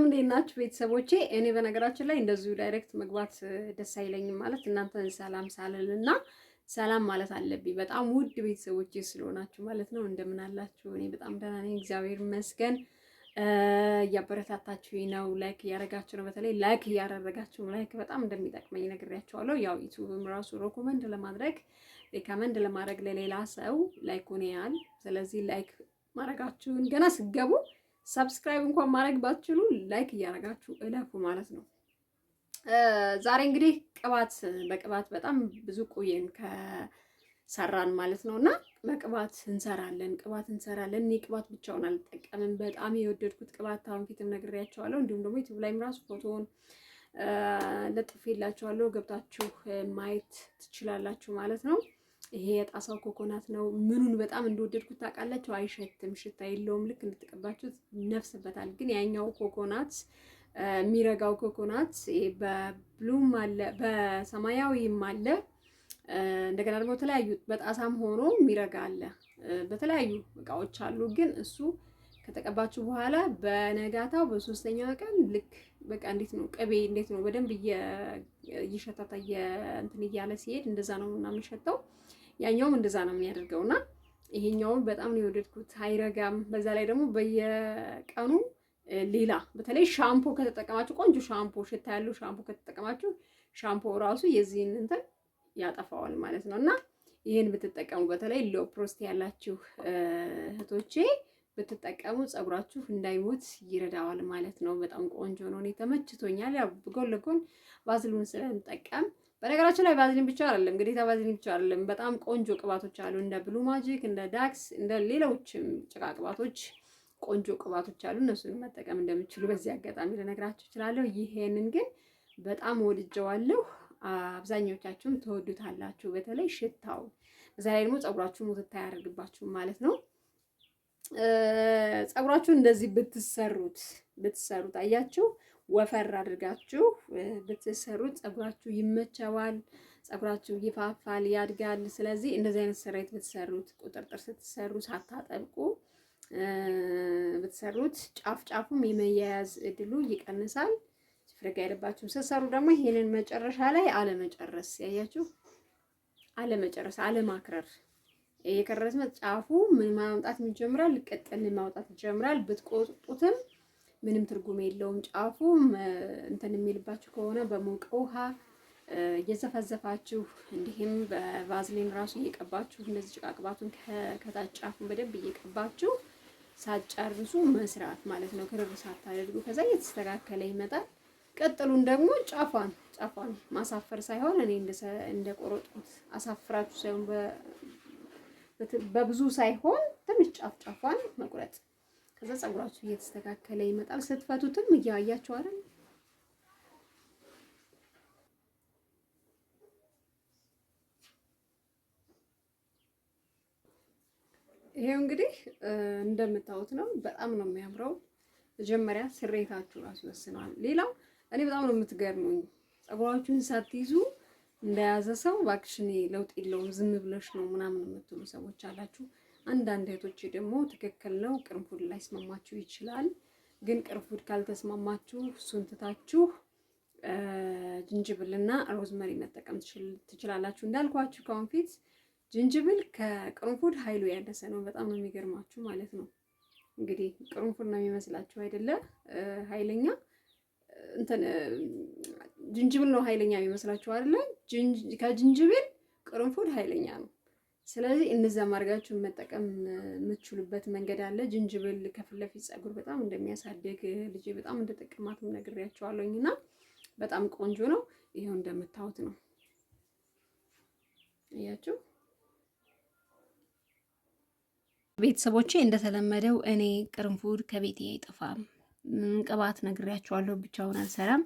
እንዴት ናችሁ ቤተሰቦቼ? እኔ በነገራችን ላይ እንደዚሁ ዳይሬክት መግባት ደስ አይለኝም ማለት እናንተን ሰላም ሳልል እና ሰላም ማለት አለብኝ። በጣም ውድ ቤተሰቦቼ ስለሆናችሁ ማለት ነው። እንደምን አላችሁ? እኔ በጣም ደህና ነኝ፣ እግዚአብሔር ይመስገን። እያበረታታችሁ ነው፣ ላይክ እያደረጋችሁ ነው። በተለይ ላይክ እያደረጋችሁ ላይክ በጣም እንደሚጠቅመኝ ነግሬያችኋለሁ። ያው ዩቱብም ራሱ ሮኮመንድ ለማድረግ ሪከመንድ ለማድረግ ለሌላ ሰው ላይክ ሆኔ ያል። ስለዚህ ላይክ ማድረጋችሁን ገና ስገቡ ሰብስክራይብ እንኳን ማድረግ ባትችሉ ላይክ እያደረጋችሁ እለፉ ማለት ነው። ዛሬ እንግዲህ ቅባት በቅባት በጣም ብዙ ቆየን ከሰራን ማለት ነው እና በቅባት እንሰራለን ቅባት እንሰራለን። እኔ ቅባት ብቻውን አልጠቀምም። በጣም የወደድኩት ቅባት ታሁን ፊትም ነግሬያቸዋለሁ። እንዲሁም ደግሞ ዩቲዩብ ላይም ራሱ ፎቶውን ለጥፌላቸዋለሁ ገብታችሁ ማየት ትችላላችሁ ማለት ነው። ይሄ የጣሳው ኮኮናት ነው። ምኑን በጣም እንደወደድኩት ታውቃላችሁ? አይሸትም፣ ሽታ የለውም። ልክ እንድትቀባችሁ ነፍስበታል። ግን ያኛው ኮኮናት የሚረጋው ኮኮናት በብሉም አለ በሰማያዊም አለ እንደገና ደግሞ በተለያዩ በጣሳም ሆኖ የሚረጋ አለ። በተለያዩ እቃዎች አሉ። ግን እሱ ከተቀባችሁ በኋላ በነጋታው በሶስተኛው ቀን ልክ በቃ እንዴት ነው ቅቤ እንዴት ነው በደንብ እየሸታታ እንትን እያለ ሲሄድ እንደዛ ነው እና የሚሸተው ያኛውም እንደዛ ነው እና ይሄኛውም በጣም ነው የወደድኩት። አይረጋም። በዛ ላይ ደግሞ በየቀኑ ሌላ በተለይ ሻምፖ ከተጠቀማችሁ ቆንጆ ሻምፖ፣ ሽታ ያለው ሻምፖ ከተጠቀማችሁ ሻምፖ ራሱ የዚህን እንትን ያጠፋዋል ማለት ነው እና ይህን ብትጠቀሙ በተለይ ሎ ፕሮስት ያላችሁ እህቶቼ ብትጠቀሙ ፀጉራችሁ እንዳይሞት ይረዳዋል ማለት ነው። በጣም ቆንጆ ነው። እኔ ተመችቶኛል። ያው ጎን ለጎን ባዝሉን ስለምጠቀም በነገራችን ላይ ቫዝሊን ብቻ አይደለም ግዴታ ቫዝሊን ብቻ አይደለም። በጣም ቆንጆ ቅባቶች አሉ እንደ ብሉ ማጂክ፣ እንደ ዳክስ፣ እንደ ሌሎችም ጭቃ ቅባቶች ቆንጆ ቅባቶች አሉ። እነሱን መጠቀም እንደምችሉ በዚህ አጋጣሚ ልነግራችሁ እችላለሁ። ይሄንን ግን በጣም ወድጀዋለሁ። አብዛኞቻችሁም ትወዱታላችሁ። በተለይ ሽታው በዛ ላይ ደግሞ ፀጉራችሁ ሙትታ ያደርግባችሁ ማለት ነው። ጸጉራችሁን እንደዚህ ብትሰሩት ብትሰሩት አያችሁ ወፈር አድርጋችሁ ብትሰሩ ጸጉራችሁ ይመቸዋል፣ ጸጉራችሁ ይፋፋል፣ ያድጋል። ስለዚህ እንደዚህ አይነት ስሬት ብትሰሩት፣ ቁጥርጥር ስትሰሩ ሳታጠብቁ ብትሰሩት ጫፍ ጫፉም የመያያዝ እድሉ ይቀንሳል። ፍርግ ያለባችሁ ስትሰሩ ደግሞ ይህንን መጨረሻ ላይ አለመጨረስ፣ ያያችሁ አለመጨረስ፣ አለማክረር የከረስመት ጫፉ ምን ማምጣት ይጀምራል፣ ቅጥል ማውጣት ይጀምራል። ብትቆጡትም ምንም ትርጉም የለውም። ጫፉ እንትን የሚልባችሁ ከሆነ በሞቀ ውሃ እየዘፈዘፋችሁ እንዲህም በቫዝሊን ራሱ እየቀባችሁ እነዚህ ጭቃቅባቱን ከታች ጫፉን በደንብ እየቀባችሁ ሳትጨርሱ መስራት ማለት ነው። ክርር ሳታደርጉ ከዛ እየተስተካከለ ይመጣል። ቀጥሉን ደግሞ ጫፏን ጫፏን ማሳፈር ሳይሆን እኔ እንደ ቆረጥኩት አሳፍራችሁ ሳይሆን በብዙ ሳይሆን ትንሽ ጫፍ ጫፏን መቁረጥ ከዛ ፀጉራችሁ እየተስተካከለ ይመጣል። ስትፈቱትም እያያችሁ አይደል ይሄው እንግዲህ እንደምታዩት ነው። በጣም ነው የሚያምረው። መጀመሪያ ስሬታችሁ ራሱ ይወስነዋል። ሌላው እኔ በጣም ነው የምትገርሙኝ። ፀጉራችሁን ሳትይዙ እንደያዘ ሰው እባክሽ እኔ ለውጥ የለውም ዝም ብለሽ ነው ምናምን የምትሉ ሰዎች አላችሁ። አንዳንድ እህቶች ደግሞ ትክክል ነው ቅርንፉድ ላይስማማችሁ ይችላል። ግን ቅርንፉድ ካልተስማማችሁ እሱን ትታችሁ ጅንጅብልና ሮዝመሪ መጠቀም ትችላላችሁ። እንዳልኳችሁ ከአሁን ፊት ጅንጅብል ከቅርንፉድ ኃይሉ ያነሰ ነው። በጣም ነው የሚገርማችሁ ማለት ነው። እንግዲህ ቅርንፉድ ነው የሚመስላችሁ አይደለ? ኃይለኛ ጅንጅብል ነው ኃይለኛ የሚመስላችሁ አይደለ? ከጅንጅብል ቅርንፉድ ኃይለኛ ነው። ስለዚህ እንደዛ ማድረጋችሁ መጠቀም የምትችሉበት መንገድ አለ። ጅንጅብል ከፊት ለፊት ፀጉር በጣም እንደሚያሳድግ ልጅ በጣም እንደጠቀማትም ነግሬያቸዋለሁኝ እና በጣም ቆንጆ ነው። ይሄው እንደምታዩት ነው እያችሁ ቤተሰቦቼ እንደተለመደው እኔ ቅርንፉድ ከቤቴ አይጠፋም። ቅባት ነግሬያቸዋለሁ፣ ብቻውን አልሰራም።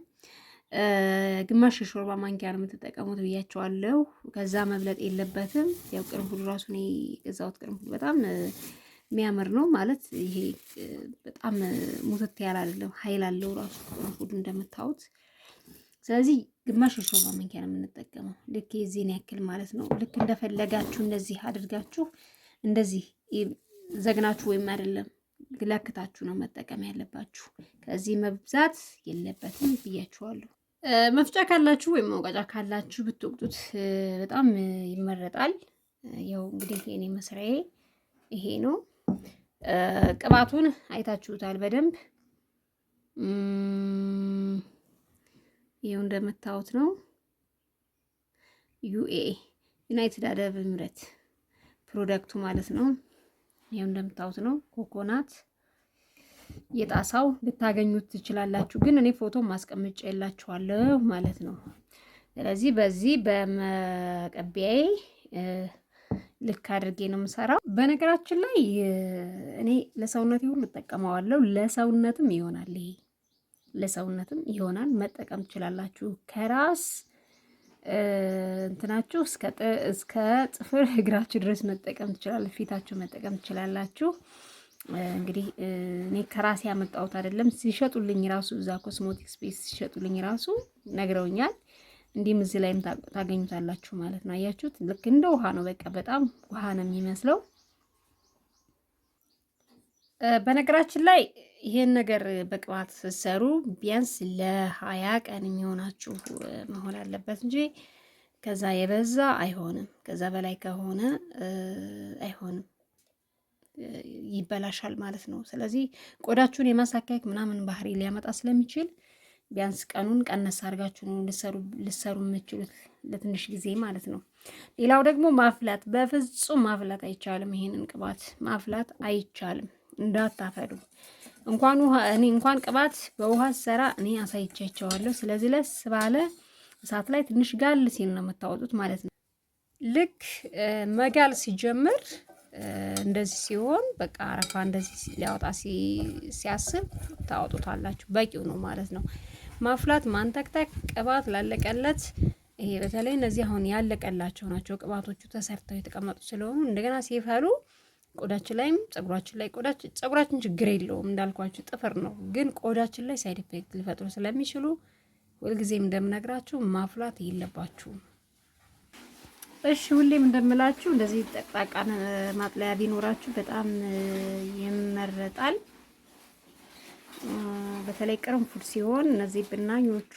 ግማሽ የሾርባ ማንኪያ ነው የምትጠቀሙት ብያቸዋለሁ። ከዛ መብለጥ የለበትም። ያው ቅርንፉድ ራሱ እኔ የገዛሁት ቅርንፉድ በጣም የሚያምር ነው ማለት ይሄ በጣም ሙትት ያለ አይደለም፣ ኃይል አለው ራሱ ቅርንፉድ እንደምታዩት። ስለዚህ ግማሽ የሾርባ ማንኪያ ነው የምንጠቀመው። ልክ የዚህን ያክል ማለት ነው። ልክ እንደፈለጋችሁ እንደዚህ አድርጋችሁ እንደዚህ ዘግናችሁ ወይም አይደለም ግለክታችሁ ነው መጠቀም ያለባችሁ። ከዚህ መብዛት የለበትም ብያችኋለሁ። መፍጫ ካላችሁ ወይም መውቀጫ ካላችሁ ብትወቅጡት በጣም ይመረጣል። ያው እንግዲህ የኔ መስሪያዬ ይሄ ነው። ቅባቱን አይታችሁታል በደንብ ይኸው እንደምታዩት ነው። ዩኤ ዩናይትድ አረብ ምረት ፕሮዳክቱ ማለት ነው። ይኸው እንደምታዩት ነው። ኮኮናት የጣሳው ልታገኙት ትችላላችሁ። ግን እኔ ፎቶ ማስቀመጫ የላችኋለሁ ማለት ነው። ስለዚህ በዚህ በመቀቢያዬ ልክ አድርጌ ነው የምሰራው። በነገራችን ላይ እኔ ለሰውነቴ ሁሉ እጠቀመዋለሁ። ለሰውነትም ይሆናል ይሄ ለሰውነትም ይሆናል። መጠቀም ትችላላችሁ። ከራስ እንትናችሁ እስከ ጥፍር እግራችሁ ድረስ መጠቀም ትችላላችሁ። ፊታችሁ መጠቀም ትችላላችሁ። እንግዲህ እኔ ከራሴ ያመጣሁት አይደለም። ሲሸጡልኝ ራሱ እዛ ኮስሞቲክስ ስፔስ ሲሸጡልኝ ራሱ ነግረውኛል። እንዲህም እዚህ ላይም ታገኙታላችሁ ማለት ነው። አያችሁት? ልክ እንደ ውሃ ነው። በቃ በጣም ውሃ ነው የሚመስለው። በነገራችን ላይ ይሄን ነገር በቅባት ስትሰሩ ቢያንስ ለሀያ ቀን የሚሆናችሁ መሆን አለበት እንጂ ከዛ የበዛ አይሆንም። ከዛ በላይ ከሆነ አይሆንም። ይበላሻል ማለት ነው። ስለዚህ ቆዳችሁን የማሳካክ ምናምን ባህሪ ሊያመጣ ስለሚችል ቢያንስ ቀኑን ቀነስ አድርጋችሁ ልሰሩ የምችሉት ለትንሽ ጊዜ ማለት ነው። ሌላው ደግሞ ማፍላት፣ በፍጹም ማፍላት አይቻልም። ይሄንን ቅባት ማፍላት አይቻልም፣ እንዳታፈሉ። እንኳን ውሃ እኔ እንኳን ቅባት በውሃ ሰራ እኔ አሳይቻቸዋለሁ። ስለዚህ ለስ ባለ እሳት ላይ ትንሽ ጋል ሲል ነው የምታወጡት ማለት ነው። ልክ መጋል ሲጀምር እንደዚህ ሲሆን በቃ አረፋ እንደዚህ ሊያወጣ ሲያስብ ታወጡታላችሁ። በቂው ነው ማለት ነው። ማፍላት፣ ማንተክተክ፣ ቅባት ላለቀለት ይሄ በተለይ እነዚህ አሁን ያለቀላቸው ናቸው። ቅባቶቹ ተሰርተው የተቀመጡ ስለሆኑ እንደገና ሲፈሉ ቆዳችን ላይም ጸጉራችን ላይ ቆዳችን ጸጉራችን ችግር የለውም እንዳልኳችሁ ጥፍር ነው፣ ግን ቆዳችን ላይ ሳይድ ኢፌክት ሊፈጥሩ ስለሚችሉ ሁልጊዜም እንደምነግራችሁ ማፍላት የለባችሁም። እሺ ሁሌም እንደምላችሁ እንደዚህ ጠቅጣቃ ማጥለያ ቢኖራችሁ በጣም ይመረጣል። በተለይ ቅርንፉድ ሲሆን እነዚህ ብናኞቹ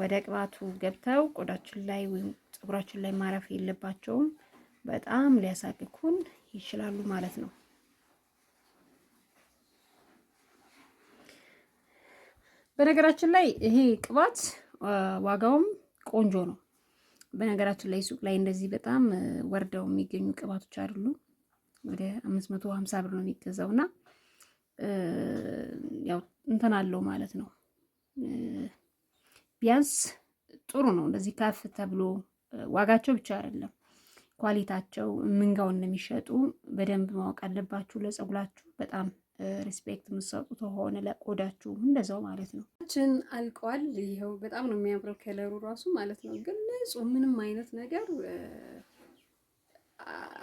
ወደ ቅባቱ ገብተው ቆዳችን ላይ ወይም ፀጉራችን ላይ ማረፍ የለባቸውም። በጣም ሊያሳክኩን ይችላሉ ማለት ነው። በነገራችን ላይ ይሄ ቅባት ዋጋውም ቆንጆ ነው። በነገራችን ላይ ሱቅ ላይ እንደዚህ በጣም ወርደው የሚገኙ ቅባቶች አይደሉም። ወደ አምስት መቶ ሀምሳ ብር ነው የሚገዛው እና ያው እንትን አለው ማለት ነው። ቢያንስ ጥሩ ነው እንደዚህ ከፍ ተብሎ ዋጋቸው ብቻ አይደለም ኳሊታቸው ምንጋውን እንደሚሸጡ በደንብ ማወቅ አለባችሁ። ለጸጉላችሁ በጣም ሪስፔክት የምትሰጡ ከሆነ ለቆዳችሁ እንደዛው ማለት ነው። ችን አልቀዋል። ይኸው በጣም ነው የሚያምረው ከለሩ ራሱ ማለት ነው። ግን ንጹህ ምንም አይነት ነገር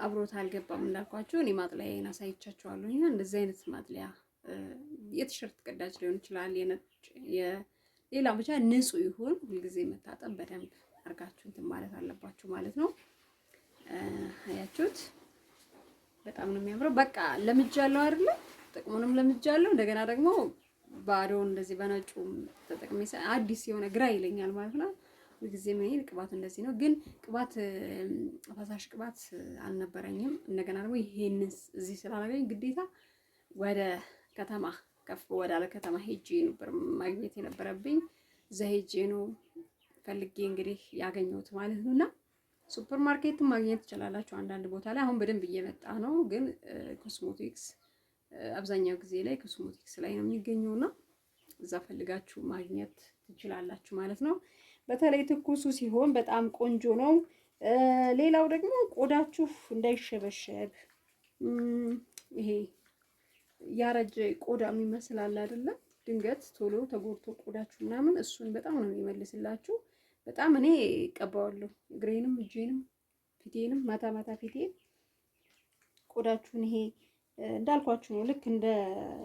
አብሮት አልገባም። እንዳልኳቸው እኔ ማጥለያዬን አሳይቻቸዋለሁ እና እንደዚህ አይነት ማጥለያ የቲሸርት ቅዳጅ ሊሆን ይችላል የነጭ ሌላ ብቻ ንጹህ ይሁን። ሁልጊዜ መታጠብ በደንብ አርጋችሁ እንትን ማለት አለባችሁ ማለት ነው። አያችሁት? በጣም ነው የሚያምረው። በቃ ለምጃ አለው አይደለም? ጥቅሙንም ለምጃለሁ። እንደገና ደግሞ ባዶ እንደዚህ በነጩ ተጠቅሜ አዲስ የሆነ ግራ ይለኛል ማለት ነው። ሁልጊዜም እኔ ቅባት እንደዚህ ነው። ግን ቅባት ፈሳሽ ቅባት አልነበረኝም። እንደገና ደግሞ ይሄን እዚህ ስላላገኝ ግዴታ ወደ ከተማ ከፍ ወዳለ ከተማ ሄጄ ነበር ማግኘት የነበረብኝ። እዛ ሄጄ ነው ፈልጌ እንግዲህ ያገኘሁት ማለት ነው። እና ሱፐር ማርኬትን ማግኘት ትችላላችሁ አንዳንድ ቦታ ላይ አሁን በደንብ እየመጣ ነው። ግን ኮስሞቲክስ አብዛኛው ጊዜ ላይ ኮስሞቲክስ ላይ ነው የሚገኘው የሚገኘውና እዛ ፈልጋችሁ ማግኘት ትችላላችሁ ማለት ነው። በተለይ ትኩሱ ሲሆን በጣም ቆንጆ ነው። ሌላው ደግሞ ቆዳችሁ እንዳይሸበሸብ ይሄ ያረጀ ቆዳ የሚመስላል አይደለም፣ ድንገት ቶሎ ተጎድቶ ቆዳችሁ ምናምን እሱን በጣም ነው የሚመልስላችሁ። በጣም እኔ ቀባዋለሁ እግሬንም እጄንም ፊቴንም ማታ ማታ ፊቴን ቆዳችሁን ይሄ እንዳልኳችሁ ነው። ልክ እንደ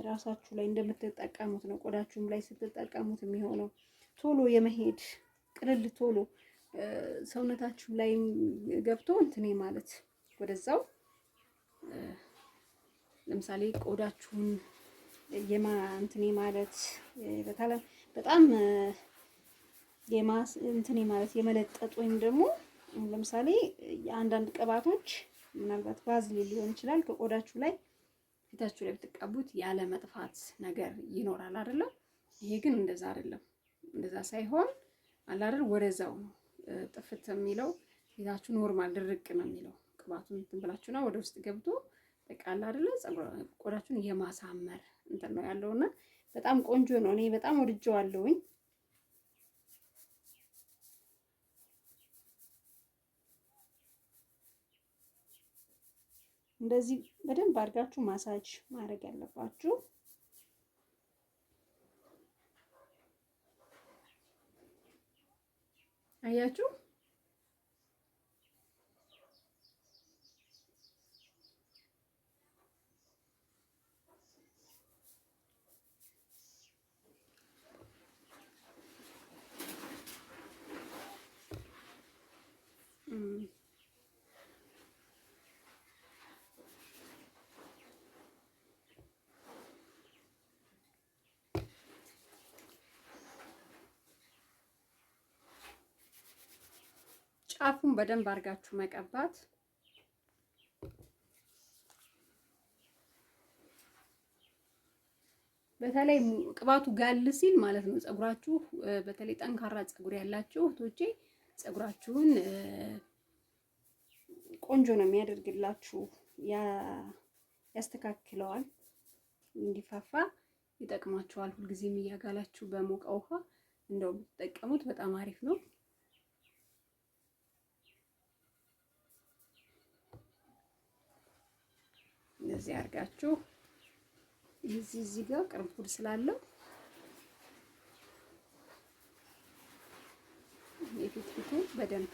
ራሳችሁ ላይ እንደምትጠቀሙት ነው ቆዳችሁም ላይ ስትጠቀሙት የሚሆነው ቶሎ የመሄድ ቅልል ቶሎ ሰውነታችሁ ላይ ገብቶ እንትኔ ማለት ወደዛው ለምሳሌ ቆዳችሁን የማ እንትኔ ማለት በጣም የማ እንትኔ ማለት የመለጠጥ ወይም ደግሞ ለምሳሌ የአንዳንድ ቅባቶች ምናልባት ቫዝሊን ሊሆን ይችላል ከቆዳችሁ ላይ ፊታችሁ ላይ ብትቀቡት ያለ መጥፋት ነገር ይኖራል አይደለም። ይሄ ግን እንደዛ አይደለም። እንደዛ ሳይሆን አላደር ወደዛው ነው ጥፍት የሚለው ፊታችሁ ኖርማል ድርቅ ነው የሚለው ቅባቱ እንትን ብላችሁና ወደ ውስጥ ገብቶ በቃ አለ አይደለ ቆዳችሁን የማሳመር እንትን ነው ያለውና በጣም ቆንጆ ነው። እኔ በጣም ወድጀዋለሁኝ። እንደዚህ በደንብ አድርጋችሁ ማሳጅ ማድረግ ያለባችሁ። አያችሁ ጫፉን በደንብ አድርጋችሁ መቀባት በተለይ ቅባቱ ጋል ሲል ማለት ነው። ጸጉራችሁ በተለይ ጠንካራ ፀጉር ያላችሁ እህቶቼ ፀጉራችሁን ቆንጆ ነው የሚያደርግላችሁ፣ ያስተካክለዋል፣ እንዲፋፋ ይጠቅማችኋል። ሁልጊዜም እያጋላችሁ በሞቀ ውሃ እንደው ብትጠቀሙት በጣም አሪፍ ነው። እንደዚህ አድርጋችሁ እዚህ እዚህ ጋር ቅርንፉድ ስላለው የፊት ፊቱ በደንብ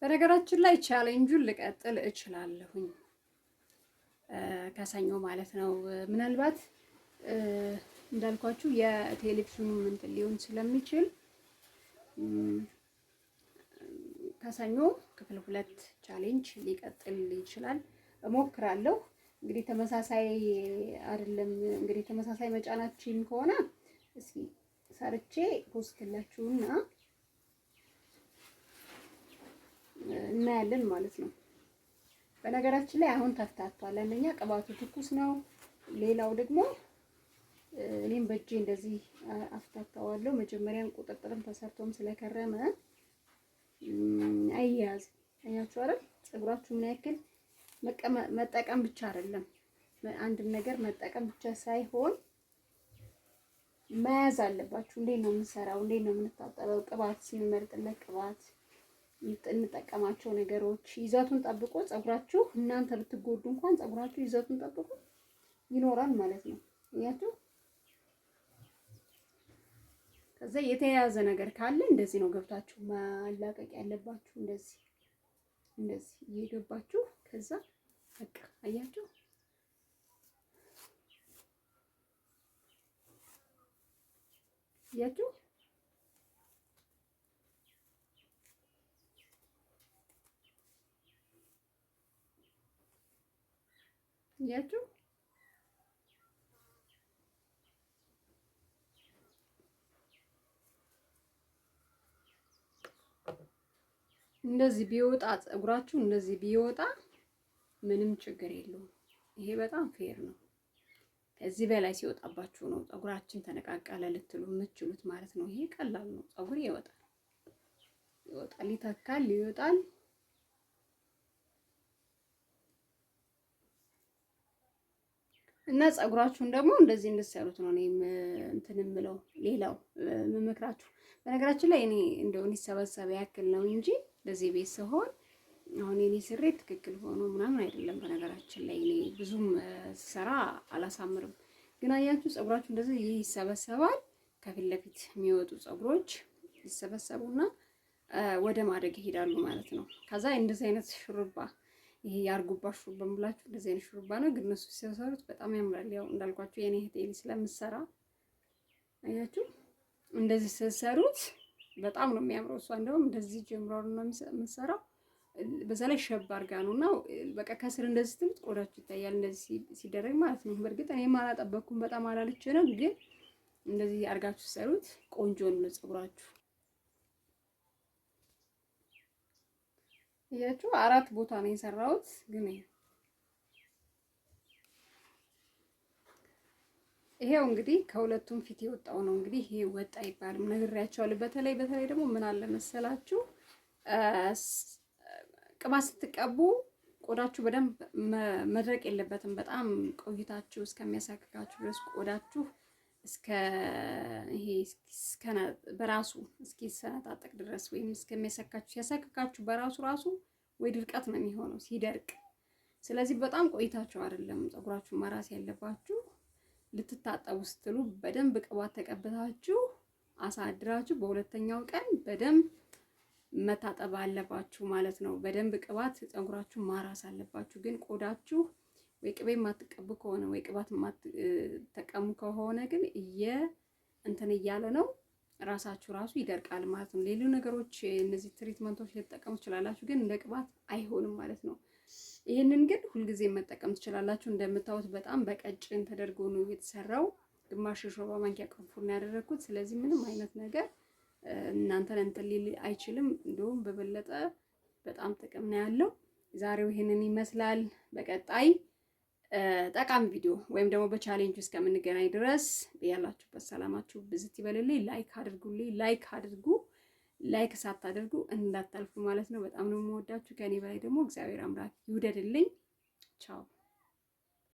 በነገራችን ላይ ቻሌንጁን ልቀጥል እችላለሁኝ። ከሰኞ ማለት ነው። ምናልባት እንዳልኳችሁ የቴሌቪዥኑ ምንትን ሊሆን ስለሚችል ከሰኞ ክፍል ሁለት ቻሌንጅ ሊቀጥል ይችላል። እሞክራለሁ እንግዲህ ተመሳሳይ አይደለም እንግዲህ ተመሳሳይ መጫናችን ከሆነ እስኪ ሰርቼ ፖስትላችሁና እናያለን ማለት ነው። በነገራችን ላይ አሁን ተፍታቷል። አንደኛ ቅባቱ ትኩስ ነው፣ ሌላው ደግሞ እኔም በእጄ እንደዚህ አፍታታዋለሁ። መጀመሪያም ቁጥጥርም ተሰርቶም ስለከረመ አያያዝ አያችሁ አይደል? ፀጉራችሁ ምን ያክል መጠቀም ብቻ አይደለም አንድን ነገር መጠቀም ብቻ ሳይሆን መያዝ አለባችሁ። እንዴት ነው የምንሰራው? እንዴት ነው የምንታጠበው? ቅባት ሲመርጥለት ቅባት እንጠቀማቸው ነገሮች ይዘቱን ጠብቆ ጸጉራችሁ እናንተ ብትጎዱ እንኳን ጸጉራችሁ ይዘቱን ጠብቆ ይኖራል ማለት ነው። እያችሁ ከዛ የተያያዘ ነገር ካለ እንደዚህ ነው ገብታችሁ ማላቀቅ ያለባችሁ። እንደዚህ እንደዚህ እየገባችሁ ከዛ በቃ አያችሁ አያችሁ እያችሁ እንደዚህ ቢወጣ ፀጉራችሁ እንደዚህ ቢወጣ ምንም ችግር የለውም። ይሄ በጣም ፌር ነው። ከዚህ በላይ ሲወጣባችሁ ነው ፀጉራችን ተነቃቀለ ልትሉ የምትችሉት ማለት ነው። ይሄ ቀላል ነው። ፀጉር ይወጣል፣ ይወጣል፣ ይተካል፣ ይወጣል። እና ፀጉራችሁን ደግሞ እንደዚህ እንድትሰሩት ነው እኔም እንትን የምለው ሌላው የምመክራችሁ። በነገራችን ላይ እኔ እንደው እንዲሰበሰበ ያክል ነው እንጂ ለዚህ ቤት ስሆን አሁን የኔ ስሬት ትክክል ሆኖ ምናምን አይደለም። በነገራችን ላይ እኔ ብዙም ስሰራ አላሳምርም፣ ግን አያችሁ ጸጉራችሁ እንደዚህ ይህ ይሰበሰባል። ከፊት ለፊት የሚወጡ ፀጉሮች ይሰበሰቡና ወደ ማደግ ይሄዳሉ ማለት ነው። ከዛ እንደዚህ አይነት ሹሩባ ይሄ የአርጎባሽ ሹሩባ የምላችሁ እንደዚህ አይነት ሹሩባ ነው። ግን እነሱ ሲሰሩት በጣም ያምራል። ያው እንዳልኳችሁ የኔ እህቴ ስለምሰራ አያችሁ፣ እንደዚህ ሲሰሩት በጣም ነው የሚያምረው። እሷ እንደውም እንደዚህ ጀምሯል ነው የምትሰራው። በዛ ላይ ሸብ አርጋ ነው እና በቃ ከስር እንደዚህ ትምት ቆዳችሁ ይታያል። እንደዚህ ሲደረግ ማለት ነው። በእርግጥ እኔ አላጠበኩም፣ በጣም አላለች ነው። ግን እንደዚህ አርጋችሁ ሰሩት፣ ቆንጆ ነው ፀጉራችሁ። እያችሁ አራት ቦታ ነው የሰራሁት ግን ይሄው እንግዲህ ከሁለቱም ፊት የወጣው ነው። እንግዲህ ይሄ ወጥ አይባልም ነግሬያቸዋለሁ። በተለይ በተለይ ደግሞ ምን አለ መሰላችሁ ቅባት ስትቀቡ ቆዳችሁ በደንብ መድረቅ የለበትም። በጣም ቆይታችሁ እስከሚያሳክካችሁ ድረስ ቆዳችሁ እስከ ይሄ በራሱ እስኪ ድረስ ወይም እስከሚያሰካችሁ ሲያሳክካችሁ በራሱ ራሱ ወይ ድርቀት ነው የሚሆነው ሲደርቅ። ስለዚህ በጣም ቆይታችሁ አይደለም ፀጉራችሁ መራስ ያለባችሁ። ልትታጠቡ ስትሉ በደንብ ቅባት ተቀብታችሁ አሳድራችሁ በሁለተኛው ቀን በደንብ መታጠብ አለባችሁ ማለት ነው። በደንብ ቅባት ፀጉራችሁ ማራስ አለባችሁ። ግን ቆዳችሁ ወይ ቅቤ የማትቀቡ ከሆነ ወይ ቅባት የማትጠቀሙ ከሆነ ግን እየ እንትን እያለ ነው ራሳችሁ ራሱ ይደርቃል ማለት ነው። ሌሎች ነገሮች እነዚህ ትሪትመንቶች ልትጠቀሙ ትችላላችሁ፣ ግን እንደ ቅባት አይሆንም ማለት ነው። ይህንን ግን ሁልጊዜ መጠቀም ትችላላችሁ። እንደምታዩት በጣም በቀጭን ተደርጎ ነው የተሰራው። ግማሽ የሾርባ ማንኪያ ቅንፉርና ያደረግኩት። ስለዚህ ምንም አይነት ነገር እናንተን እንትን ሊል አይችልም። እንዲሁም በበለጠ በጣም ጥቅም ነው ያለው። ዛሬው ይህንን ይመስላል። በቀጣይ ጠቃሚ ቪዲዮ ወይም ደግሞ በቻሌንጅ እስከምንገናኝ ድረስ ያላችሁበት ሰላማችሁ ብዝት ይበልልኝ። ላይክ አድርጉልኝ። ላይክ አድርጉ። ላይክ ሳታደርጉ እንዳታልፉ ማለት ነው። በጣም ነው የምወዳችሁ። ከእኔ በላይ ደግሞ እግዚአብሔር አምላክ ይውደድልኝ። ቻው